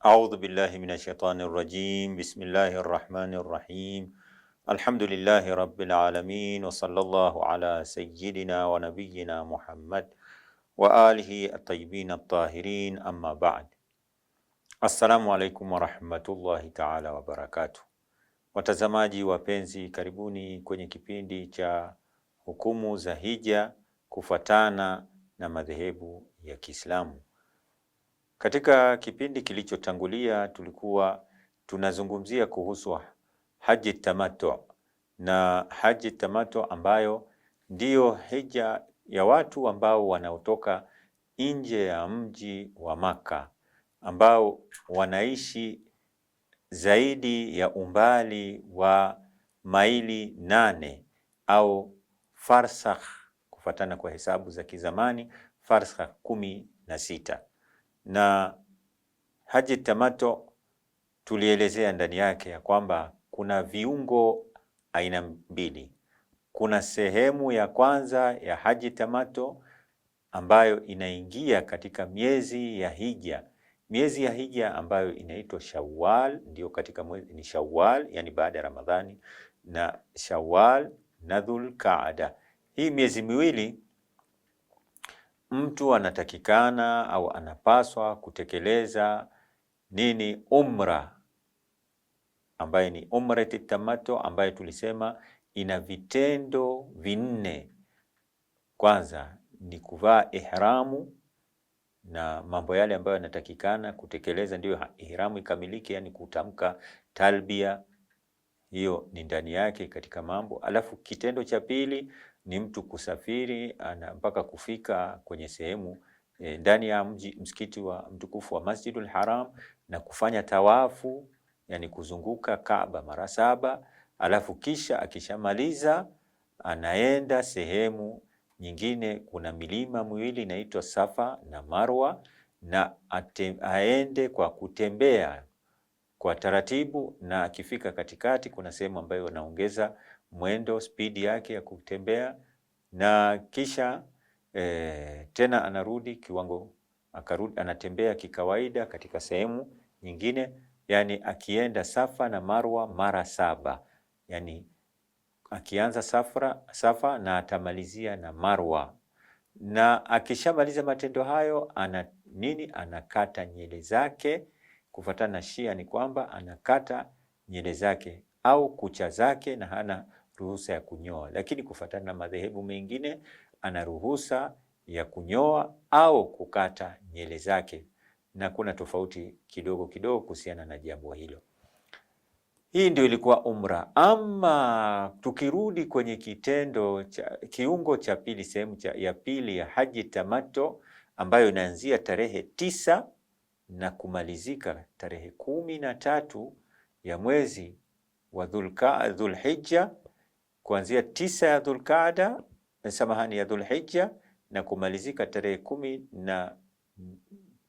Audhu billahi min shaitani rajim. Bismillahi rahmani rahim. Alhamdulillahi rabbil alamin wa sallallahu ala sayyidina wa nabiyyina Muhammad wa alihi at-tayyibin at-tahirin, amma ba'd. Assalamu alaikum warahmatullahi taala wabarakatuh. Watazamaji wapenzi, karibuni kwenye kipindi cha hukumu za hija kufuatana na madhehebu ya Kiislamu. Katika kipindi kilichotangulia tulikuwa tunazungumzia kuhusu haji tamato na haji tamato ambayo ndiyo hija ya watu ambao wanaotoka nje ya mji wa Maka ambao wanaishi zaidi ya umbali wa maili nane au farsakh kufatana kwa hesabu za kizamani farsakh kumi na sita na haji tamato tulielezea ndani yake ya kwamba kuna viungo aina mbili. Kuna sehemu ya kwanza ya haji tamato ambayo inaingia katika miezi ya hija, miezi ya hija ambayo inaitwa Shawwal, ndio katika mwezi ni Shawwal, yani baada ya Ramadhani na Shawwal na Dhulqaada, hii miezi miwili mtu anatakikana au anapaswa kutekeleza nini? Umra ambaye ni umrati tamato, ambaye tulisema ina vitendo vinne. Kwanza ni kuvaa ihramu na mambo yale ambayo yanatakikana kutekeleza ndiyo ihramu ikamilike, yani kutamka talbia hiyo ni ndani yake katika mambo. Alafu kitendo cha pili ni mtu kusafiri ana mpaka kufika kwenye sehemu e, ndani ya mji msikiti wa mtukufu wa Masjidul Haram na kufanya tawafu, yani kuzunguka Kaaba mara saba, alafu kisha akishamaliza anaenda sehemu nyingine. Kuna milima miwili inaitwa Safa na Marwa, na ate, aende kwa kutembea kwa taratibu, na akifika katikati kuna sehemu ambayo anaongeza mwendo spidi yake ya kutembea, na kisha e, tena anarudi kiwango akarudi, anatembea kikawaida katika sehemu nyingine, yani akienda Safa na Marwa mara saba, yani akianza safra, Safa na atamalizia na Marwa, na akishamaliza matendo hayo ana nini? Anakata nyele zake. Kufuatana na Shia ni kwamba anakata nyele zake au kucha zake na hana ruhusa ya kunyoa, lakini kufuatana na madhehebu mengine ana ruhusa ya kunyoa au kukata nywele zake, na kuna tofauti kidogo kidogo kuhusiana na jambo hilo. Hii ndio ilikuwa umra. Ama tukirudi kwenye kitendo cha kiungo cha pili, sehemu ya pili ya haji tamato ambayo inaanzia tarehe tisa na kumalizika tarehe kumi na tatu ya mwezi wa Dhulhijja kuanzia tisa ya Dhulqaada samahani ya Dhulhijja na kumalizika tarehe kumi na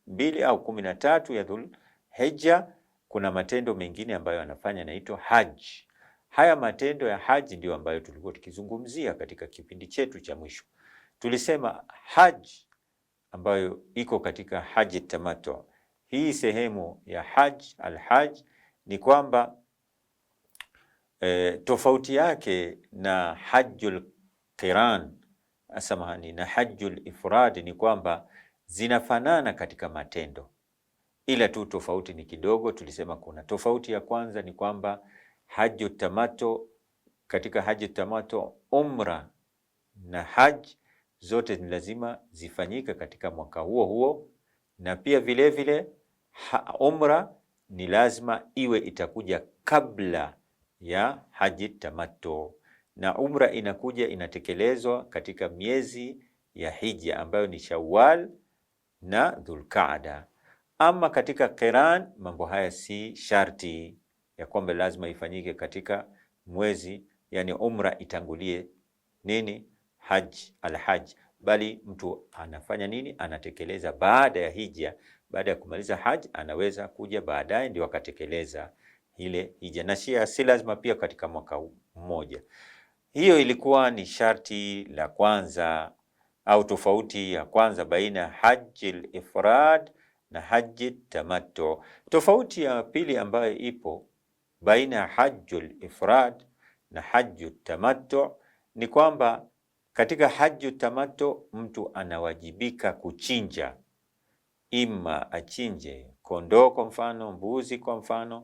mbili au kumi na tatu ya Dhulhijja. Kuna matendo mengine ambayo anafanya naitwa haji. Haya matendo ya haji ndio ambayo tulikuwa tukizungumzia katika kipindi chetu cha mwisho. Tulisema haji ambayo iko katika haji tamato hii sehemu ya haji alhaj ni kwamba E, tofauti yake na hajjul qiran asamahani na hajjul ifrad ni kwamba zinafanana katika matendo, ila tu tofauti ni kidogo. Tulisema kuna tofauti ya kwanza ni kwamba hajju tamato, katika hajju tamato umra na haji zote ni lazima zifanyike katika mwaka huo huo, na pia vilevile vile, umra ni lazima iwe itakuja kabla ya haji tamattu, na umra inakuja inatekelezwa katika miezi ya hija ambayo ni Shawwal na Dhulqaada. Ama katika qiran, mambo haya si sharti ya kwamba lazima ifanyike katika mwezi, yani umra itangulie nini haj alhaj, bali mtu anafanya nini, anatekeleza baada ya hija. Baada ya kumaliza haj, anaweza kuja baadaye ndio akatekeleza ile ije, na si lazima pia katika mwaka mmoja. Hiyo ilikuwa ni sharti la kwanza au tofauti ya kwanza baina ya hajjil ifrad na haji tamattu. Tofauti ya pili ambayo ipo baina ya hajjul ifrad na haju tamattu ni kwamba katika haju tamattu mtu anawajibika kuchinja, ima achinje kondoo kwa mfano, mbuzi kwa mfano,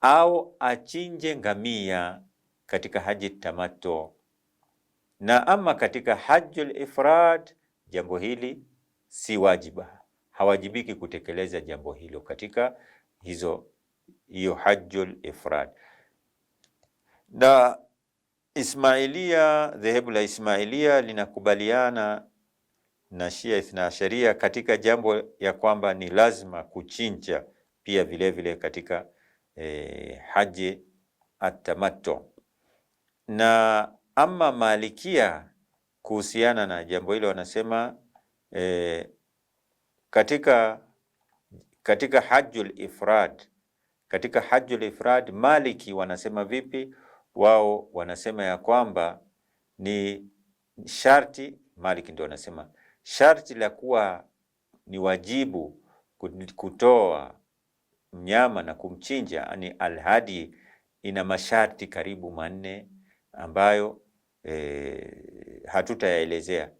au achinje ngamia katika haji tamato. Na ama katika hajjul ifrad, jambo hili si wajiba, hawajibiki kutekeleza jambo hilo katika hizo hiyo hajjul ifrad. Na Ismailia, dhehebu la Ismailia linakubaliana na Shia Ithna Asharia katika jambo ya kwamba ni lazima kuchinja pia vilevile vile katika e, haji atamato. Na ama Malikia kuhusiana na jambo hilo wanasema e, katika katika hajjul ifrad katika hajjul ifrad Maliki wanasema vipi? Wao wanasema ya kwamba ni sharti, Maliki ndio wanasema sharti la kuwa ni wajibu kutoa mnyama na kumchinja ni yaani alhadi, ina masharti karibu manne ambayo e, hatutayaelezea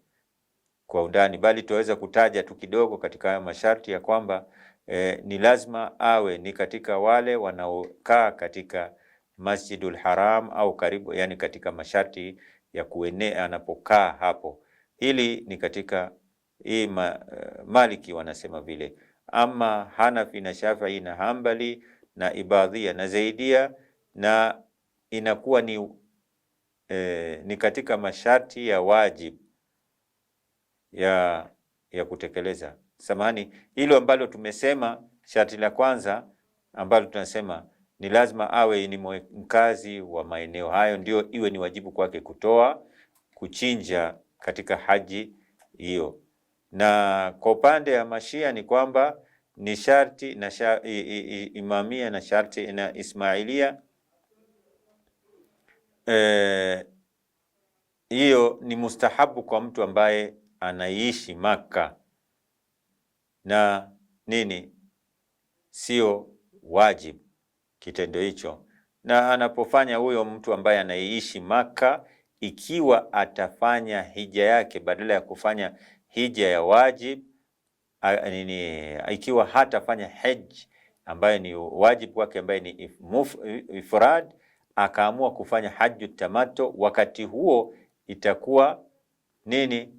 kwa undani, bali tutaweza kutaja tu kidogo katika haya masharti ya kwamba e, ni lazima awe ni katika wale wanaokaa katika Masjidul Haram au karibu, yani katika masharti ya kuenea anapokaa hapo. Hili ni katika hii ma, eh, Maliki wanasema vile ama Hanafi na Shafii na Hambali na Ibadhia na Zaidia na inakuwa ni, e, ni katika masharti ya wajib ya, ya kutekeleza. Samahani, hilo ambalo tumesema sharti la kwanza ambalo tunasema ni lazima awe ni mkazi wa maeneo hayo, ndio iwe ni wajibu kwake kutoa kuchinja katika haji hiyo na kwa upande ya mashia ni kwamba ni sharti na sha, i, i, imamia na sharti na ismailia eh, hiyo e, ni mustahabu kwa mtu ambaye anaishi Makka na nini, sio wajib kitendo hicho, na anapofanya huyo mtu ambaye anaishi Makka, ikiwa atafanya hija yake badala ya kufanya hija ya wajib a, nini, ikiwa hatafanya heji ambayo ni wajib wake ambaye ni ifrad, akaamua kufanya haju tamato, wakati huo itakuwa nini?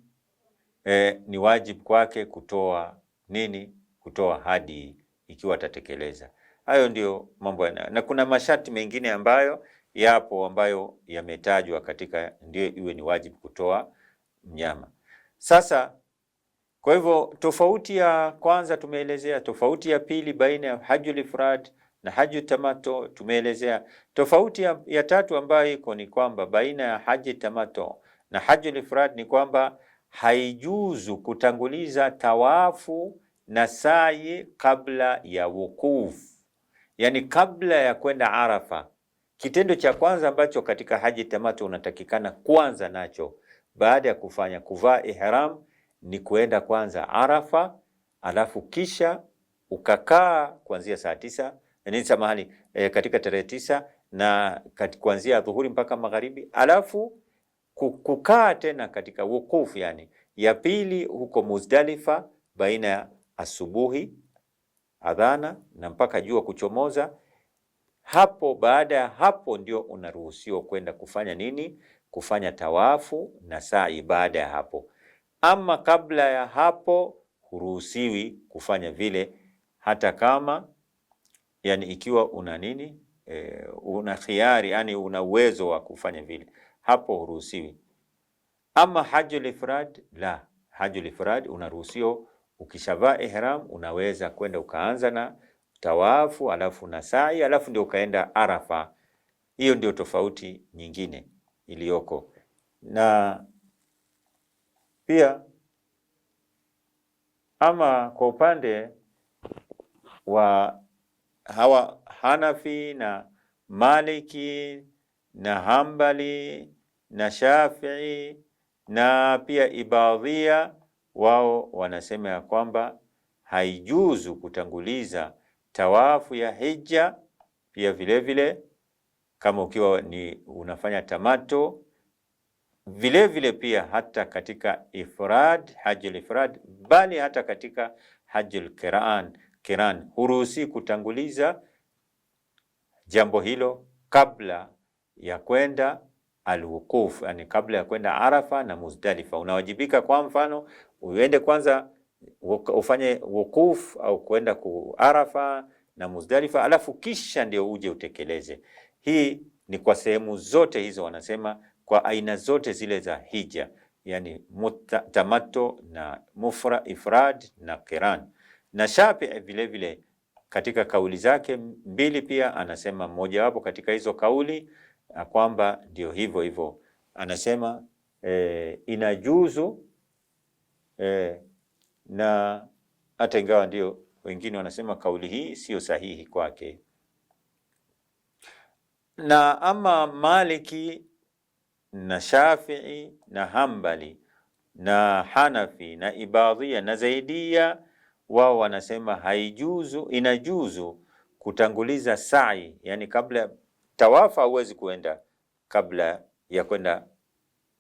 E, ni wajib kwake kutoa nini? Kutoa hadi ikiwa atatekeleza hayo. Ndio mambo yanayo, na kuna masharti mengine ambayo yapo ambayo yametajwa katika, ndio iwe ni wajib kutoa mnyama sasa kwa hivyo tofauti ya kwanza tumeelezea, tofauti ya pili baina ya hajjul ifrad na haju tamato tumeelezea. Tofauti ya, ya tatu ambayo iko ni kwamba baina ya haji tamato na hajjul ifrad ni kwamba haijuzu kutanguliza tawafu na sa'i kabla ya wukufu, yani kabla ya kwenda Arafa. Kitendo cha kwanza ambacho katika haji tamato unatakikana kwanza nacho baada ya kufanya kuvaa ihram ni kuenda kwanza Arafa, alafu kisha ukakaa kuanzia saa tisa ni samahani, e, katika tarehe tisa na kuanzia dhuhuri mpaka magharibi, alafu kukaa tena katika wukufu yani ya pili huko Muzdalifa baina ya asubuhi adhana na mpaka jua kuchomoza. Hapo baada ya hapo ndio unaruhusiwa kwenda kufanya nini? Kufanya tawafu na sa'i baada ya hapo ama kabla ya hapo huruhusiwi kufanya vile, hata kama yani ikiwa una nini e, una khiari yani una uwezo wa kufanya vile, hapo huruhusiwi. Ama hajjul ifrad la, hajjul ifrad unaruhusiwa ukishavaa ihram unaweza kwenda ukaanza na tawafu alafu na sa'i alafu ndio ukaenda Arafa. Hiyo ndio tofauti nyingine iliyoko na pia ama kwa upande wa hawa Hanafi na Maliki na Hambali na Shafii na pia Ibadhia, wao wanasema ya kwamba haijuzu kutanguliza tawafu ya hija. Pia vilevile vile, kama ukiwa ni unafanya tamato vile vile pia hata katika ifrad, hajjul ifrad, bali hata katika hajjul kiran, kiran huruhusi kutanguliza jambo hilo kabla ya kwenda alwukuf, yani kabla ya kwenda Arafa na Muzdalifa. Unawajibika kwa mfano uende kwanza ufanye wukuf au kwenda ku Arafa na Muzdalifa, alafu kisha ndio uje utekeleze. Hii ni kwa sehemu zote hizo wanasema kwa aina zote zile za hija, yani tamato na mufra, ifrad na qiran. Na vile vilevile katika kauli zake mbili pia anasema mmojawapo katika hizo kauli kwamba ndio hivyo hivyo, anasema e, inajuzu e, na hata ingawa ndio wengine wanasema kauli hii sio sahihi kwake. Na ama Maliki na Shafii na Hambali na Hanafi na Ibadhia na Zaidia, wao wanasema haijuzu, inajuzu kutanguliza sa'i, yani kabla tawafa huwezi kuenda kabla ya kwenda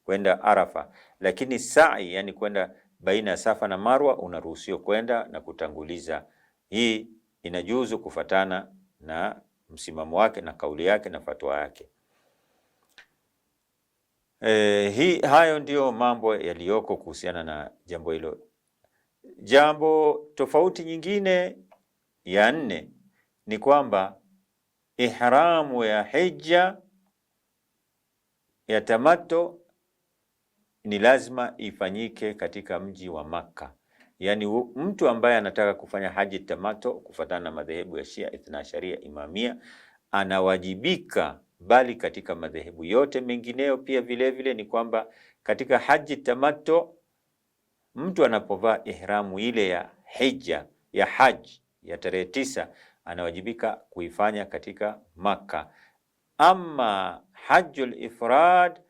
kwenda Arafa, lakini sa'i, yani kwenda baina ya Safa na Marwa unaruhusiwa kwenda na kutanguliza. Hii inajuzu kufatana na msimamo wake na kauli yake na fatwa yake. Eh, hi, hayo ndiyo mambo yaliyoko kuhusiana na jambo hilo. Jambo tofauti nyingine ya nne ni kwamba ihramu ya hija ya tamato ni lazima ifanyike katika mji wa Makka. Yaani, mtu ambaye anataka kufanya haji tamato kufuatana na madhehebu ya Shia Ithna Sharia Imamia anawajibika bali katika madhehebu yote mengineyo pia vilevile vile ni kwamba katika haji tamato mtu anapovaa ihramu ile ya hija ya haji ya tarehe tisa anawajibika kuifanya katika Makka. Ama hajjul ifrad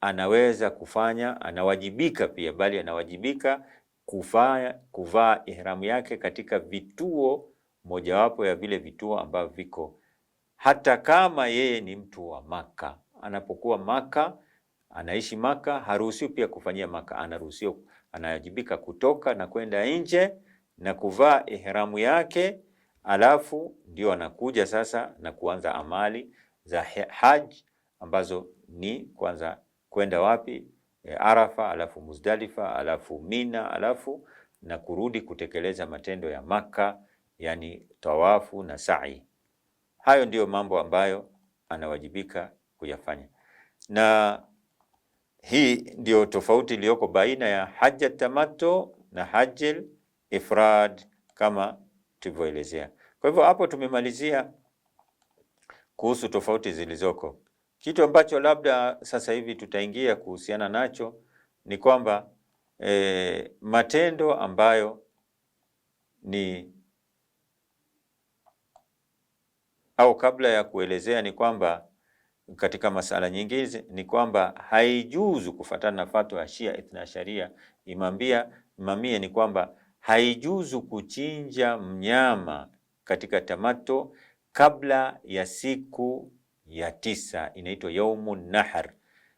anaweza kufanya, anawajibika pia bali anawajibika kufaya, kuvaa ihramu yake katika vituo mojawapo ya vile vituo ambavyo viko hata kama yeye ni mtu wa Maka, anapokuwa Maka, anaishi Maka, haruhusiwi pia kufanyia Maka, anaruhusiwa, anawajibika kutoka na kwenda nje na kuvaa ihramu yake, alafu ndio anakuja sasa na kuanza amali za haji ambazo ni kwanza kwenda wapi? E, Arafa, alafu Muzdalifa, alafu Mina, alafu na kurudi kutekeleza matendo ya Maka, yani tawafu na sa'i. Hayo ndiyo mambo ambayo anawajibika kuyafanya, na hii ndiyo tofauti iliyoko baina ya haja tamato na hajil ifrad kama tulivyoelezea. Kwa hivyo hapo tumemalizia kuhusu tofauti zilizoko. Kitu ambacho labda sasa hivi tutaingia kuhusiana nacho ni kwamba e, matendo ambayo ni au kabla ya kuelezea ni kwamba katika masala nyingine ni kwamba haijuzu kufatana na fatwa ya Shia Ithna sharia imambia imamia ni kwamba haijuzu kuchinja mnyama katika tamato kabla ya siku ya tisa inaitwa yaumu nahar.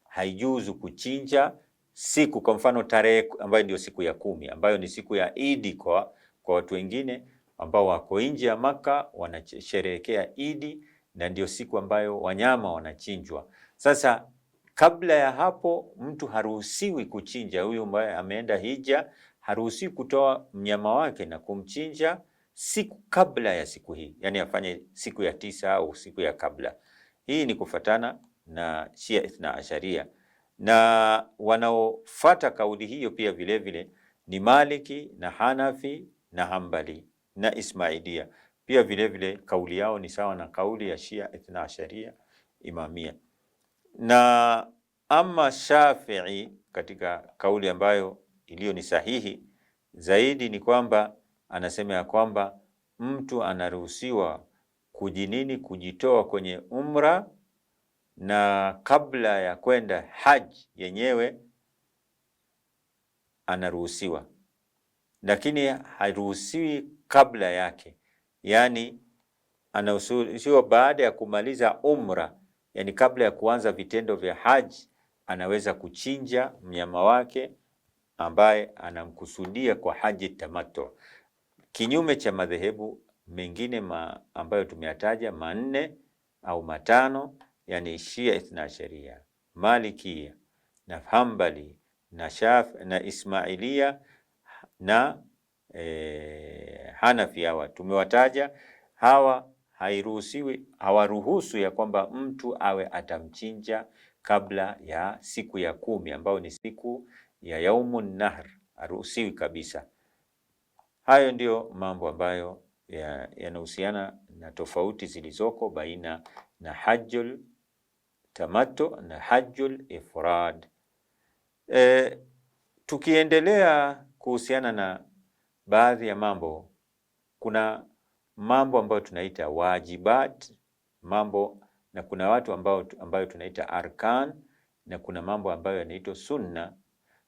Haijuzu kuchinja siku, kwa mfano tarehe ambayo ndio siku ya kumi ambayo ni siku ya Idi kwa, kwa watu wengine ambao wako nje ya Maka wanasherehekea Idi na ndio siku ambayo wanyama wanachinjwa. Sasa kabla ya hapo mtu haruhusiwi kuchinja. Huyu ambaye ameenda hija haruhusiwi kutoa mnyama wake na kumchinja siku kabla ya siku hii, yani afanye siku ya tisa au siku ya kabla. Hii ni kufatana na Shia Ithna Asharia, na wanaofata kauli hiyo pia vilevile vile, ni Maliki na Hanafi na Hambali na Ismailia. Pia vilevile vile, kauli yao ni sawa na kauli ya Shia Ithna Asharia Imamia na ama Shafii katika kauli ambayo iliyo ni sahihi zaidi ni kwamba anasema ya kwamba mtu anaruhusiwa kujinini kujitoa kwenye umra na kabla ya kwenda haji yenyewe anaruhusiwa, lakini haruhusiwi kabla yake, yani anahusiwa baada ya kumaliza umra, yani kabla ya kuanza vitendo vya haji, anaweza kuchinja mnyama wake ambaye anamkusudia kwa haji tamatu kinyume cha madhehebu mengine ma ambayo tumeyataja manne au matano, yani Shia Ithna Sharia, Malikia na Hambali na Shaf na Ismailia na eh, Hanafi hawa tumewataja hawa, hairuhusiwi hawaruhusu ya kwamba mtu awe atamchinja kabla ya siku ya kumi ambayo ni siku ya yaumun nahr, haruhusiwi kabisa. Hayo ndiyo mambo ambayo yanahusiana ya na tofauti zilizoko baina na hajjul tamattu na hajjul ifrad. E, tukiendelea kuhusiana na baadhi ya mambo, kuna mambo ambayo tunaita wajibat mambo, na kuna watu ambao ambayo tunaita arkan, na kuna mambo ambayo yanaitwa sunna.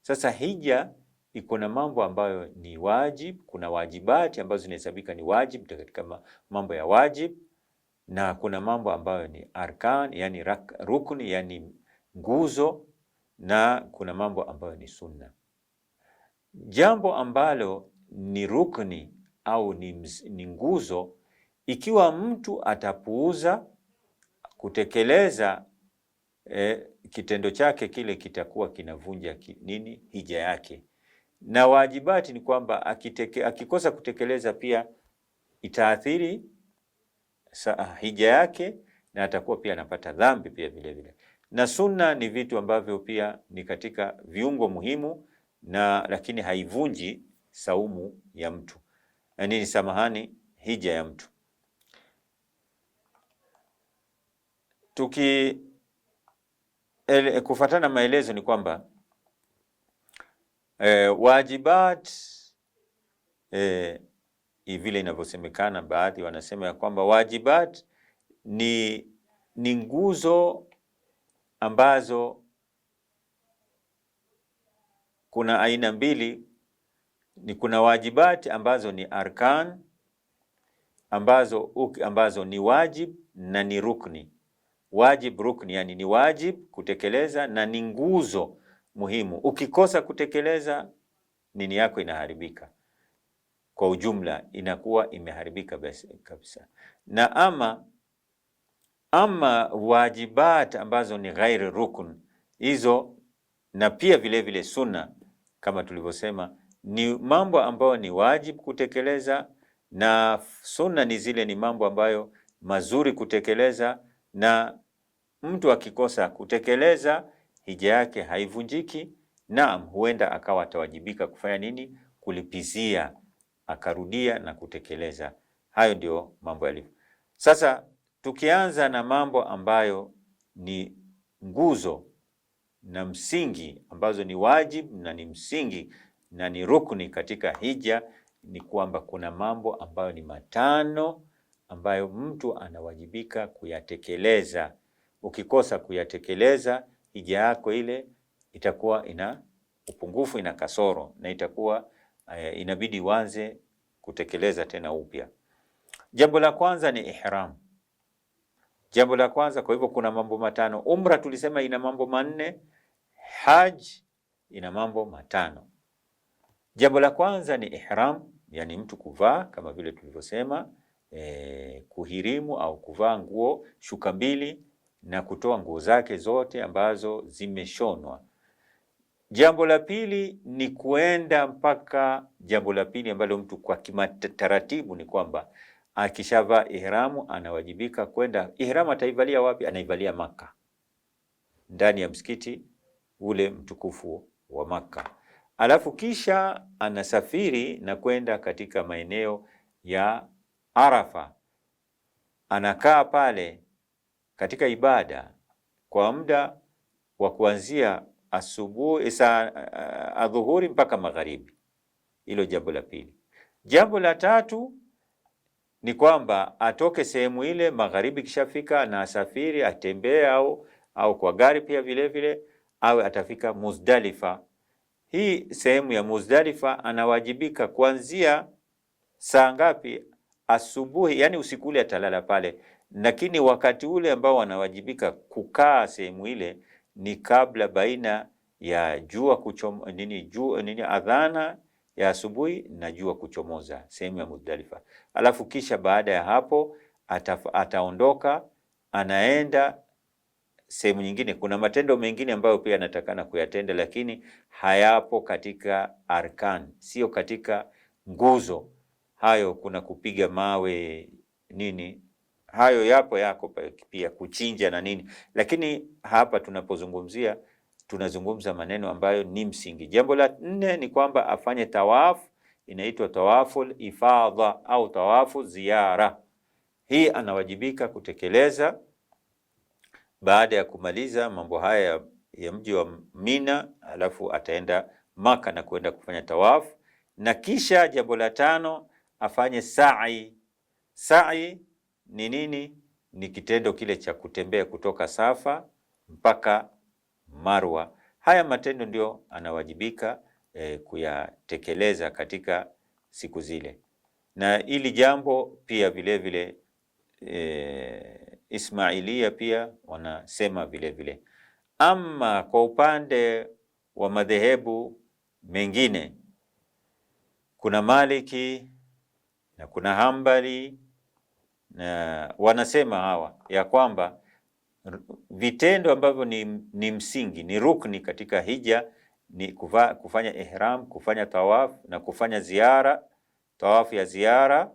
Sasa hija iko na mambo ambayo ni wajib, kuna wajibati ambazo zinahesabika ni wajib katika mambo ya wajib, na kuna mambo ambayo ni arkan, yani rukni, yani nguzo, na kuna mambo ambayo ni sunna, jambo ambalo ni rukni au ni, ni nguzo. Ikiwa mtu atapuuza kutekeleza eh, kitendo chake kile kitakuwa kinavunja ki, nini hija yake, na waajibati ni kwamba akiteke, akikosa kutekeleza pia itaathiri ah, hija yake na atakuwa pia anapata dhambi pia vile vile. Na sunna ni vitu ambavyo pia ni katika viungo muhimu na lakini haivunji saumu ya mtu yani ni samahani, hija ya mtu. Tuki ele, kufatana maelezo ni kwamba e, wajibat e, vile inavyosemekana, baadhi wanasema ya kwamba wajibat ni ni nguzo ambazo kuna aina mbili ni kuna wajibati ambazo ni arkan ambazo, ambazo ni wajib na ni rukni. Wajib rukni, yani ni wajib kutekeleza na ni nguzo muhimu. Ukikosa kutekeleza dini yako inaharibika kwa ujumla, inakuwa imeharibika kabisa. Na ama ama wajibat ambazo ni ghairi rukn, hizo na pia vilevile sunna kama tulivyosema ni mambo ambayo ni wajibu kutekeleza, na sunna ni zile ni mambo ambayo mazuri kutekeleza, na mtu akikosa kutekeleza hija yake haivunjiki. Naam, huenda akawa atawajibika kufanya nini? Kulipizia, akarudia na kutekeleza. Hayo ndio mambo yalivyo. Sasa tukianza na mambo ambayo ni nguzo na msingi ambazo ni wajibu na ni msingi na ni rukni katika hija, ni kwamba kuna mambo ambayo ni matano ambayo mtu anawajibika kuyatekeleza. Ukikosa kuyatekeleza, hija yako ile itakuwa ina upungufu, ina kasoro, na itakuwa eh, inabidi uanze kutekeleza tena upya. Jambo la kwanza ni ihram. Jambo la kwanza, kwa hivyo kuna mambo matano. Umra tulisema ina mambo manne, haj ina mambo matano. Jambo la kwanza ni ihram, yani mtu kuvaa kama vile tulivyosema, eh, kuhirimu au kuvaa nguo shuka mbili na kutoa nguo zake zote ambazo zimeshonwa. Jambo la pili ni kuenda mpaka, jambo la pili ambalo mtu kwa kimataratibu ni kwamba akishavaa ihramu anawajibika kwenda. Ihramu ataivalia wapi? Anaivalia Maka, ndani ya msikiti ule mtukufu wa Maka alafu kisha anasafiri na kwenda katika maeneo ya Arafa, anakaa pale katika ibada kwa muda wa kuanzia asubuhi eh, saa eh, adhuhuri mpaka magharibi. Hilo jambo la pili. Jambo la tatu ni kwamba atoke sehemu ile magharibi, kishafika na asafiri, atembee au au kwa gari pia vilevile, awe atafika Muzdalifa hii sehemu ya Muzdalifa anawajibika kuanzia saa ngapi? Asubuhi, yani usiku ule atalala pale, lakini wakati ule ambao wanawajibika kukaa sehemu ile ni kabla baina ya jua kuchomo, nini, jua, nini adhana ya asubuhi na jua kuchomoza sehemu ya Muzdalifa. Alafu kisha baada ya hapo ataondoka anaenda sehemu nyingine, kuna matendo mengine ambayo pia yanatakana kuyatenda, lakini hayapo katika arkan, sio katika nguzo hayo. Kuna kupiga mawe nini, hayo yapo yako pia, kuchinja na nini, lakini hapa tunapozungumzia tunazungumza maneno ambayo ni msingi. Jambo la nne ni kwamba afanye tawafu, inaitwa tawaful ifadha au tawafu ziara. Hii anawajibika kutekeleza baada ya kumaliza mambo haya ya, ya mji wa Mina, alafu ataenda Maka na kuenda kufanya tawafu, na kisha jambo la tano afanye sa'i. Sa'i ni nini? Ni kitendo kile cha kutembea kutoka Safa mpaka Marwa. Haya matendo ndio anawajibika e, kuyatekeleza katika siku zile, na ili jambo pia vilevile e, eh, Ismailia pia wanasema vile vile. Ama kwa upande wa madhehebu mengine kuna Maliki na kuna Hambali na wanasema hawa ya kwamba vitendo ambavyo ni, ni msingi ni rukni katika hija ni kufa, kufanya ihram, kufanya tawaf na kufanya ziara, tawafu ya ziara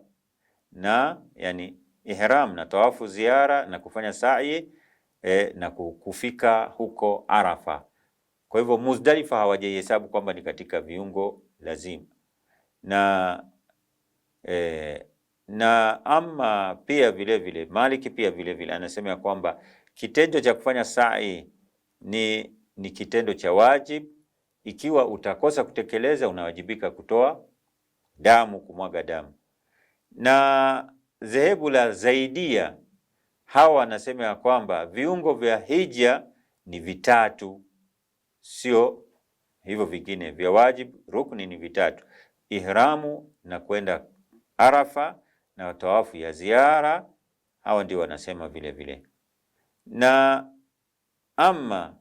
na yani ihram na tawafu ziara na kufanya sa'i e, na kufika huko Arafa. Kwa hivyo Muzdalifa hawajaihesabu kwamba ni katika viungo lazima na e, na ama pia vile vile Maliki pia vile vile anasema ya kwamba kitendo cha kufanya sa'i ni, ni kitendo cha wajib. Ikiwa utakosa kutekeleza, unawajibika kutoa damu, kumwaga damu na dhehebu la Zaidia hawa wanasema ya kwamba viungo vya hija ni vitatu, sio hivyo vingine vya wajib Rukni ni vitatu, ihramu na kwenda Arafa na tawafu ya ziara. Hawa ndio wanasema vile vile, na ama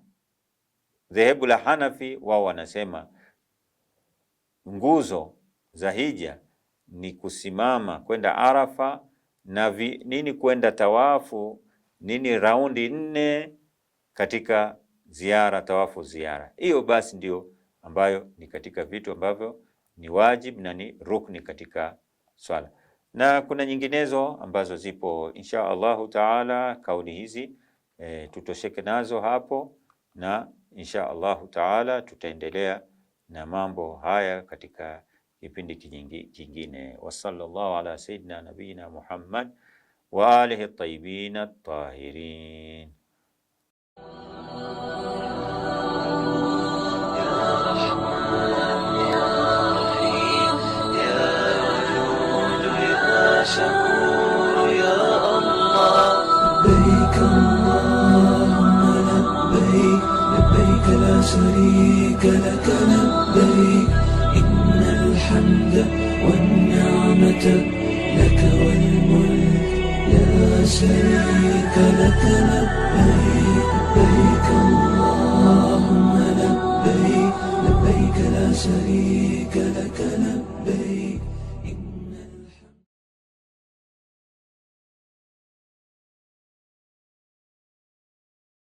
dhehebu la Hanafi wao wanasema nguzo za hija ni kusimama kwenda Arafa na vi, nini kwenda tawafu nini raundi nne katika ziara tawafu ziara hiyo, basi ndio ambayo ni katika vitu ambavyo ni wajib na ni rukni katika swala, na kuna nyinginezo ambazo zipo. Insha Allahu taala kauli hizi e, tutosheke nazo hapo, na insha Allahu taala tutaendelea na mambo haya katika kipindi kingine. Wa sallallahu ala sayyidina nabiyina Muhammad wa alihi tayyibina tahirin. شريك لك لبيك الحمد والنعمة لك والملك لا شريك لك لبيك لبيك اللهم لبيك لبيك لا شريك لك لبيك